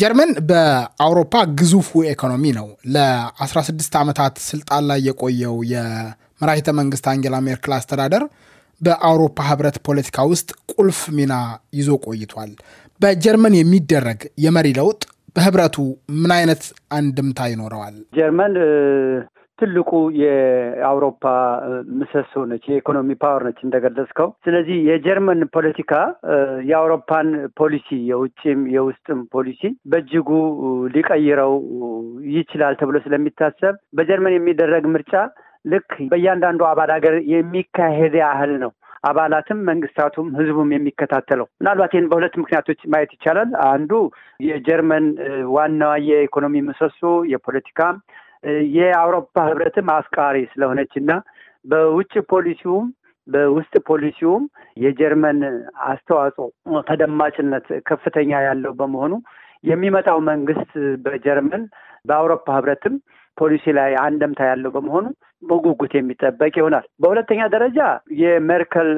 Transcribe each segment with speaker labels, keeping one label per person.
Speaker 1: ጀርመን በአውሮፓ ግዙፉ ኢኮኖሚ ነው። ለ16 ዓመታት ስልጣን ላይ የቆየው የመራሂተ መንግስት አንጌላ ሜርክል አስተዳደር በአውሮፓ ህብረት ፖለቲካ ውስጥ ቁልፍ ሚና ይዞ ቆይቷል። በጀርመን የሚደረግ የመሪ ለውጥ በህብረቱ ምን አይነት አንድምታ ይኖረዋል?
Speaker 2: ጀርመን ትልቁ የአውሮፓ ምሰሶ ነች፣ የኢኮኖሚ ፓወር ነች እንደገለጽከው። ስለዚህ የጀርመን ፖለቲካ የአውሮፓን ፖሊሲ የውጭም የውስጥም ፖሊሲ በእጅጉ ሊቀይረው ይችላል ተብሎ ስለሚታሰብ በጀርመን የሚደረግ ምርጫ ልክ በእያንዳንዱ አባል ሀገር የሚካሄድ ያህል ነው። አባላትም መንግስታቱም ህዝቡም የሚከታተለው ምናልባት ይህን በሁለት ምክንያቶች ማየት ይቻላል። አንዱ የጀርመን ዋናዋ የኢኮኖሚ ምሰሶ የፖለቲካ የአውሮፓ ህብረትም አፍቃሪ ስለሆነች እና በውጭ ፖሊሲውም በውስጥ ፖሊሲውም የጀርመን አስተዋጽኦ ተደማጭነት ከፍተኛ ያለው በመሆኑ የሚመጣው መንግስት በጀርመን በአውሮፓ ህብረትም ፖሊሲ ላይ አንደምታ ያለው በመሆኑ በጉጉት የሚጠበቅ ይሆናል። በሁለተኛ ደረጃ የሜርከል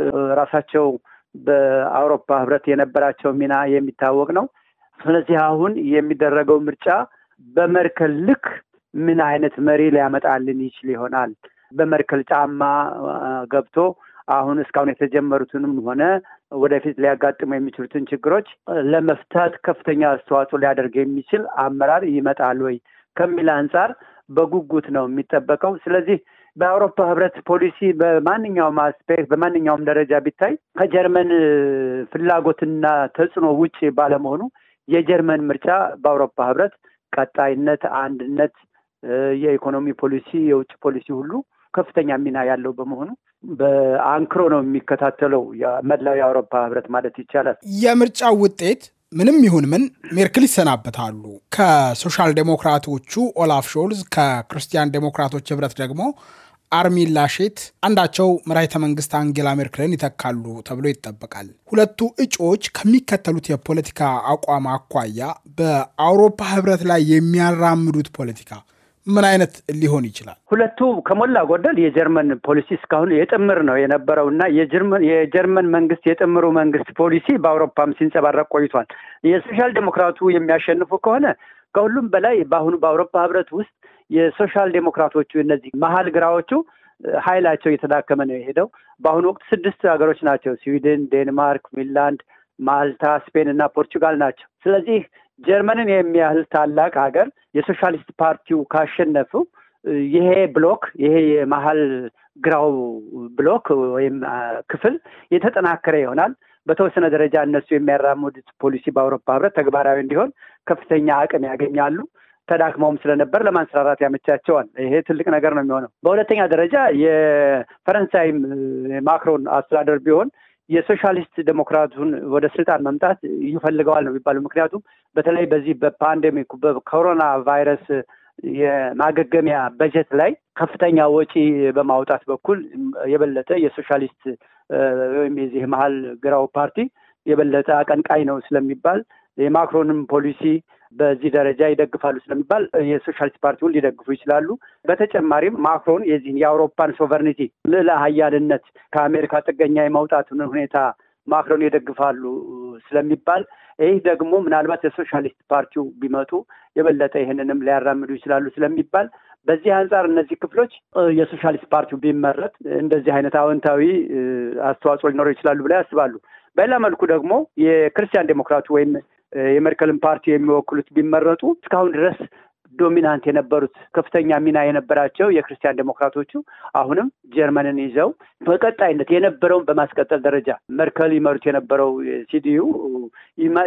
Speaker 2: ራሳቸው በአውሮፓ ህብረት የነበራቸው ሚና የሚታወቅ ነው። ስለዚህ አሁን የሚደረገው ምርጫ በመርከል ልክ ምን አይነት መሪ ሊያመጣልን ይችል ይሆናል? በመርከል ጫማ ገብቶ አሁን እስካሁን የተጀመሩትንም ሆነ ወደፊት ሊያጋጥሙ የሚችሉትን ችግሮች ለመፍታት ከፍተኛ አስተዋጽኦ ሊያደርግ የሚችል አመራር ይመጣል ወይ ከሚል አንጻር በጉጉት ነው የሚጠበቀው። ስለዚህ በአውሮፓ ህብረት ፖሊሲ በማንኛውም አስፔክት በማንኛውም ደረጃ ቢታይ ከጀርመን ፍላጎትና ተጽዕኖ ውጭ ባለመሆኑ የጀርመን ምርጫ በአውሮፓ ህብረት ቀጣይነት፣ አንድነት የኢኮኖሚ ፖሊሲ፣ የውጭ ፖሊሲ ሁሉ ከፍተኛ ሚና ያለው በመሆኑ በአንክሮ ነው የሚከታተለው መላው የአውሮፓ ህብረት ማለት ይቻላል።
Speaker 1: የምርጫው ውጤት ምንም ይሁን ምን ሜርክል ይሰናበታሉ። ከሶሻል ዴሞክራቶቹ ኦላፍ ሾልዝ፣ ከክርስቲያን ዴሞክራቶች ህብረት ደግሞ አርሚን ላሼት አንዳቸው መራሒተ መንግስት አንጌላ ሜርክልን ይተካሉ ተብሎ ይጠበቃል። ሁለቱ እጩዎች ከሚከተሉት የፖለቲካ አቋም አኳያ በአውሮፓ ህብረት ላይ የሚያራምዱት ፖለቲካ ምን አይነት ሊሆን ይችላል? ሁለቱ
Speaker 2: ከሞላ ጎደል የጀርመን ፖሊሲ እስካሁን የጥምር ነው የነበረው እና የጀርመን መንግስት የጥምሩ መንግስት ፖሊሲ በአውሮፓም ሲንጸባረቅ ቆይቷል። የሶሻል ዴሞክራቱ የሚያሸንፉ ከሆነ ከሁሉም በላይ በአሁኑ በአውሮፓ ህብረት ውስጥ የሶሻል ዴሞክራቶቹ እነዚህ መሀል ግራዎቹ ኃይላቸው እየተዳከመ ነው የሄደው። በአሁኑ ወቅት ስድስት ሀገሮች ናቸው ስዊድን፣ ዴንማርክ፣ ፊንላንድ፣ ማልታ፣ ስፔን እና ፖርቹጋል ናቸው። ስለዚህ ጀርመንን የሚያህል ታላቅ ሀገር የሶሻሊስት ፓርቲው ካሸነፉ ይሄ ብሎክ ይሄ የመሀል ግራው ብሎክ ወይም ክፍል የተጠናከረ ይሆናል። በተወሰነ ደረጃ እነሱ የሚያራምዱት ፖሊሲ በአውሮፓ ህብረት ተግባራዊ እንዲሆን ከፍተኛ አቅም ያገኛሉ። ተዳክመውም ስለነበር ለማንሰራራት ያመቻቸዋል። ይሄ ትልቅ ነገር ነው የሚሆነው። በሁለተኛ ደረጃ የፈረንሳይም ማክሮን አስተዳደር ቢሆን የሶሻሊስት ዴሞክራቱን ወደ ስልጣን መምጣት ይፈልገዋል ነው የሚባለው። ምክንያቱም በተለይ በዚህ በፓንዴሚክ በኮሮና ቫይረስ የማገገሚያ በጀት ላይ ከፍተኛ ወጪ በማውጣት በኩል የበለጠ የሶሻሊስት ወይም የዚህ መሀል ግራው ፓርቲ የበለጠ አቀንቃኝ ነው ስለሚባል የማክሮንም ፖሊሲ በዚህ ደረጃ ይደግፋሉ ስለሚባል የሶሻሊስት ፓርቲውን ሊደግፉ ይችላሉ። በተጨማሪም ማክሮን የዚህን የአውሮፓን ሶቨርኒቲ ልዕለ ሀያልነት ከአሜሪካ ጥገኛ የማውጣቱን ሁኔታ ማክሮን ይደግፋሉ ስለሚባል ይህ ደግሞ ምናልባት የሶሻሊስት ፓርቲው ቢመጡ የበለጠ ይህንንም ሊያራምዱ ይችላሉ ስለሚባል በዚህ አንጻር እነዚህ ክፍሎች የሶሻሊስት ፓርቲው ቢመረጥ እንደዚህ አይነት አዎንታዊ አስተዋጽኦ ሊኖረው ይችላሉ ብለው ያስባሉ። በሌላ መልኩ ደግሞ የክርስቲያን ዴሞክራቱ ወይም የመርከልን ፓርቲ የሚወክሉት ቢመረጡ እስካሁን ድረስ ዶሚናንት የነበሩት ከፍተኛ ሚና የነበራቸው የክርስቲያን ዴሞክራቶቹ አሁንም ጀርመንን ይዘው በቀጣይነት የነበረውን በማስቀጠል ደረጃ መርከል ይመሩት የነበረው ሲዲዩ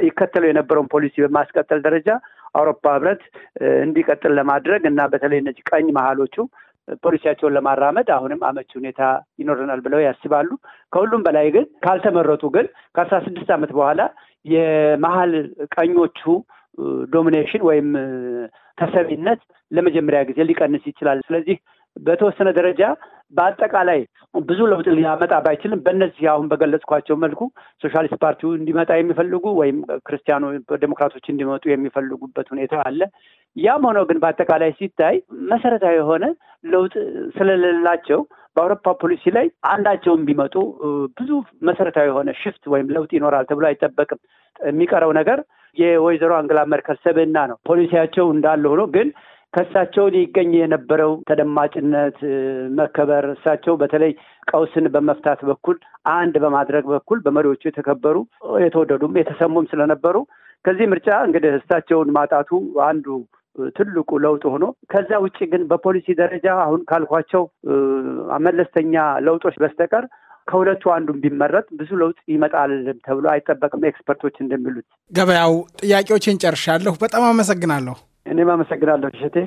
Speaker 2: ይከተለው የነበረውን ፖሊሲ በማስቀጠል ደረጃ አውሮፓ ህብረት እንዲቀጥል ለማድረግ እና በተለይ እነዚህ ቀኝ መሀሎቹ ፖሊሲያቸውን ለማራመድ አሁንም አመች ሁኔታ ይኖረናል ብለው ያስባሉ። ከሁሉም በላይ ግን ካልተመረጡ ግን ከአስራ ስድስት ዓመት በኋላ የመሀል ቀኞቹ ዶሚኔሽን ወይም ተሰሚነት ለመጀመሪያ ጊዜ ሊቀንስ ይችላል። ስለዚህ በተወሰነ ደረጃ በአጠቃላይ ብዙ ለውጥ ሊያመጣ ባይችልም በእነዚህ አሁን በገለጽኳቸው መልኩ ሶሻሊስት ፓርቲው እንዲመጣ የሚፈልጉ ወይም ክርስቲያኖ ዴሞክራቶች እንዲመጡ የሚፈልጉበት ሁኔታ አለ። ያም ሆኖ ግን በአጠቃላይ ሲታይ መሰረታዊ የሆነ ለውጥ ስለሌላቸው በአውሮፓ ፖሊሲ ላይ አንዳቸውም ቢመጡ ብዙ መሰረታዊ የሆነ ሽፍት ወይም ለውጥ ይኖራል ተብሎ አይጠበቅም። የሚቀረው ነገር የወይዘሮ አንግላ መርከል ሰብዕና ነው። ፖሊሲያቸው እንዳለ ሆኖ ግን ከእሳቸው ይገኝ የነበረው ተደማጭነት፣ መከበር እሳቸው በተለይ ቀውስን በመፍታት በኩል አንድ በማድረግ በኩል በመሪዎቹ የተከበሩ የተወደዱም የተሰሙም ስለነበሩ ከዚህ ምርጫ እንግዲህ እሳቸውን ማጣቱ አንዱ ትልቁ ለውጥ ሆኖ ከዛ ውጭ ግን በፖሊሲ ደረጃ አሁን ካልኳቸው መለስተኛ ለውጦች በስተቀር ከሁለቱ አንዱን ቢመረጥ ብዙ ለውጥ ይመጣል ተብሎ አይጠበቅም። ኤክስፐርቶች እንደሚሉት
Speaker 1: ገበያው ጥያቄዎችን ጨርሻለሁ። በጣም አመሰግናለሁ። እኔም አመሰግናለሁ እሸቴ።